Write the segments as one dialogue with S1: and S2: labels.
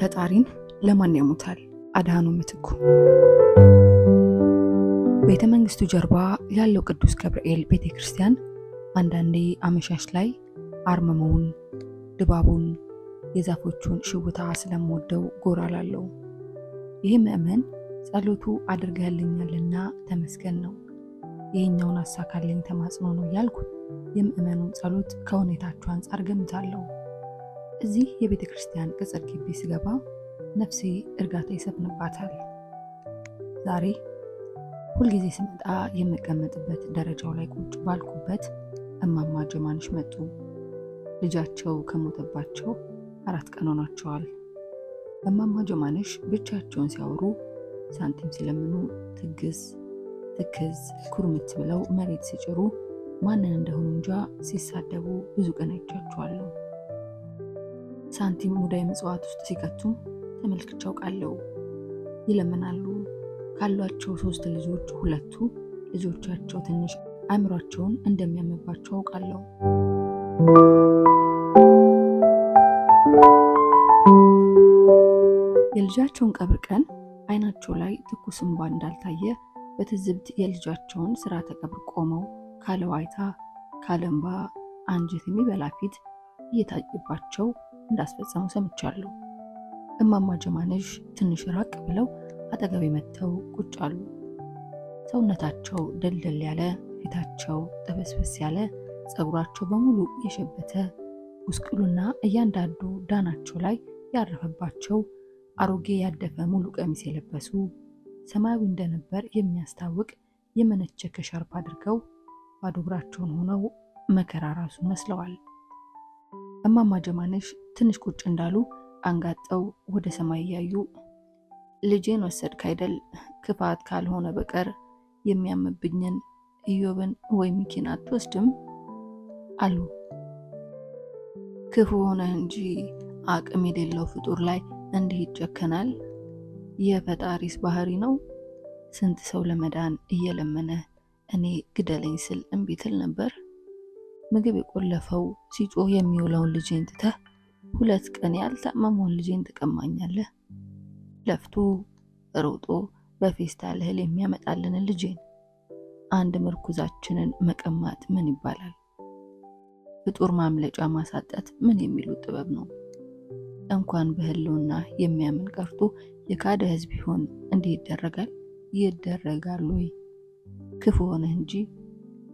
S1: ፈጣሪን ለማን ያሙታል? አድሃኖ ምትኩ ቤተ መንግስቱ ጀርባ ያለው ቅዱስ ገብርኤል ቤተ ክርስቲያን አንዳንዴ አመሻሽ ላይ አርመመውን ድባቡን የዛፎቹን ሽውታ ስለምወደው ጎራ ላለው ይህ ምዕመን ጸሎቱ አድርገህልኛልና ተመስገን ነው፣ ይህኛውን አሳካልኝ ተማጽኖ ነው እያልኩ የምዕመኑን ጸሎት ከሁኔታችሁ አንጻር ገምታለሁ። እዚህ የቤተ ክርስቲያን ቅጽር ግቢ ስገባ ነፍሴ እርጋታ ይሰፍንባታል። ዛሬ ሁልጊዜ ስመጣ የምቀመጥበት ደረጃው ላይ ቁጭ ባልኩበት እማማ ጀማንሽ መጡ። ልጃቸው ከሞተባቸው አራት ቀን ሆኗቸዋል። እማማ ጀማንሽ ብቻቸውን ሲያወሩ፣ ሳንቲም ሲለምኑ ትግዝ ትክዝ ኩርምት ብለው መሬት ሲጭሩ ማንን እንደሆኑ እንጃ ሲሳደቡ ብዙ ቀን አይቻቸዋለሁ። ሳንቲም ሙዳይ ምጽዋት ውስጥ ሲከቱም ተመልክቼ አውቃለሁ። ይለምናሉ። ካሏቸው ሶስት ልጆች ሁለቱ ልጆቻቸው ትንሽ አእምሯቸውን እንደሚያምባቸው አውቃለሁ። የልጃቸውን ቀብር ቀን አይናቸው ላይ ትኩስ እንባ እንዳልታየ በትዝብት የልጃቸውን ስርዓተ ቀብር ቆመው ካለ ዋይታ ካለ እንባ አንጀት የሚበላ ፊት እየታየባቸው እንዳስፈጸሙ ሰምቻለሁ። እማማ ጀማነሽ ትንሽ ራቅ ብለው አጠገቤ መጥተው ቁጭ አሉ። ሰውነታቸው ደልደል ያለ፣ ፊታቸው ጠበስበስ ያለ፣ ፀጉራቸው በሙሉ የሸበተ ውስቅሉና እያንዳንዱ ዳናቸው ላይ ያረፈባቸው አሮጌ ያደፈ ሙሉ ቀሚስ የለበሱ ሰማያዊ እንደነበር የሚያስታውቅ የመነቸከ ሻርፕ አድርገው ባዶ እግራቸውን ሆነው መከራ ራሱ መስለዋል። እማማ ጀማነሽ ትንሽ ቁጭ እንዳሉ አንጋጠው ወደ ሰማይ እያዩ ልጄን ወሰድክ አይደል? ክፋት ካልሆነ በቀር የሚያምብኝን እዮብን ወይ ሚኪን አትወስድም አሉ። ክፉ ሆነ እንጂ አቅም የሌለው ፍጡር ላይ እንዲህ ይጨከናል? የፈጣሪስ ባህሪ ነው። ስንት ሰው ለመዳን እየለመነ እኔ ግደለኝ ስል እንቢትል ነበር። ምግብ የቆለፈው ሲጮህ የሚውለውን ልጄን ትተህ ሁለት ቀን ያልታመመውን ልጄን ትቀማኛለህ? ለፍቶ ሮጦ በፌስታል እህል የሚያመጣልንን ልጄን አንድ ምርኩዛችንን መቀማት ምን ይባላል? ፍጡር ማምለጫ ማሳጣት ምን የሚሉ ጥበብ ነው? እንኳን በህልውና የሚያምን ቀርቶ የካደ ህዝብ ቢሆን እንዲህ ይደረጋል? ይደረጋሉ ወይ? ክፉ ሆነህ እንጂ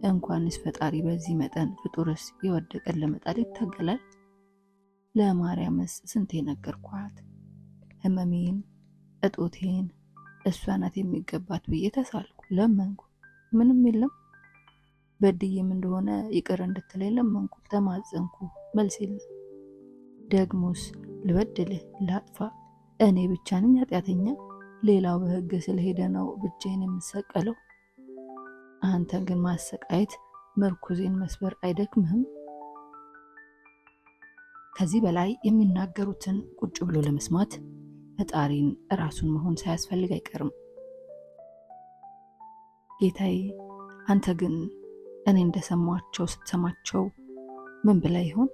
S1: እንኳንስ ፈጣሪ በዚህ መጠን ፍጡርስ የወደቀን ለመጣል ይታገላል። ለማርያምስ ስንቴ ነገርኳት፣ ህመሜን፣ እጦቴን እሷ ናት የሚገባት ብዬ ተሳልኩ፣ ለመንኩ። ምንም የለም። በድዬም እንደሆነ ይቅር እንድትለኝ ለመንኩ፣ ተማጸንኩ። መልስ የለም። ደግሞስ ልበድልህ፣ ላጥፋ? እኔ ብቻ ነኝ ኃጢአተኛ? ሌላው በህግ ስለሄደ ነው ብቻዬን የምሰቀለው? አንተ ግን ማሰቃየት መርኩዜን መስበር አይደክምህም? ከዚህ በላይ የሚናገሩትን ቁጭ ብሎ ለመስማት ፈጣሪን እራሱን መሆን ሳያስፈልግ አይቀርም። ጌታዬ፣ አንተ ግን እኔ እንደሰማቸው ስትሰማቸው ምን ብላ ይሆን?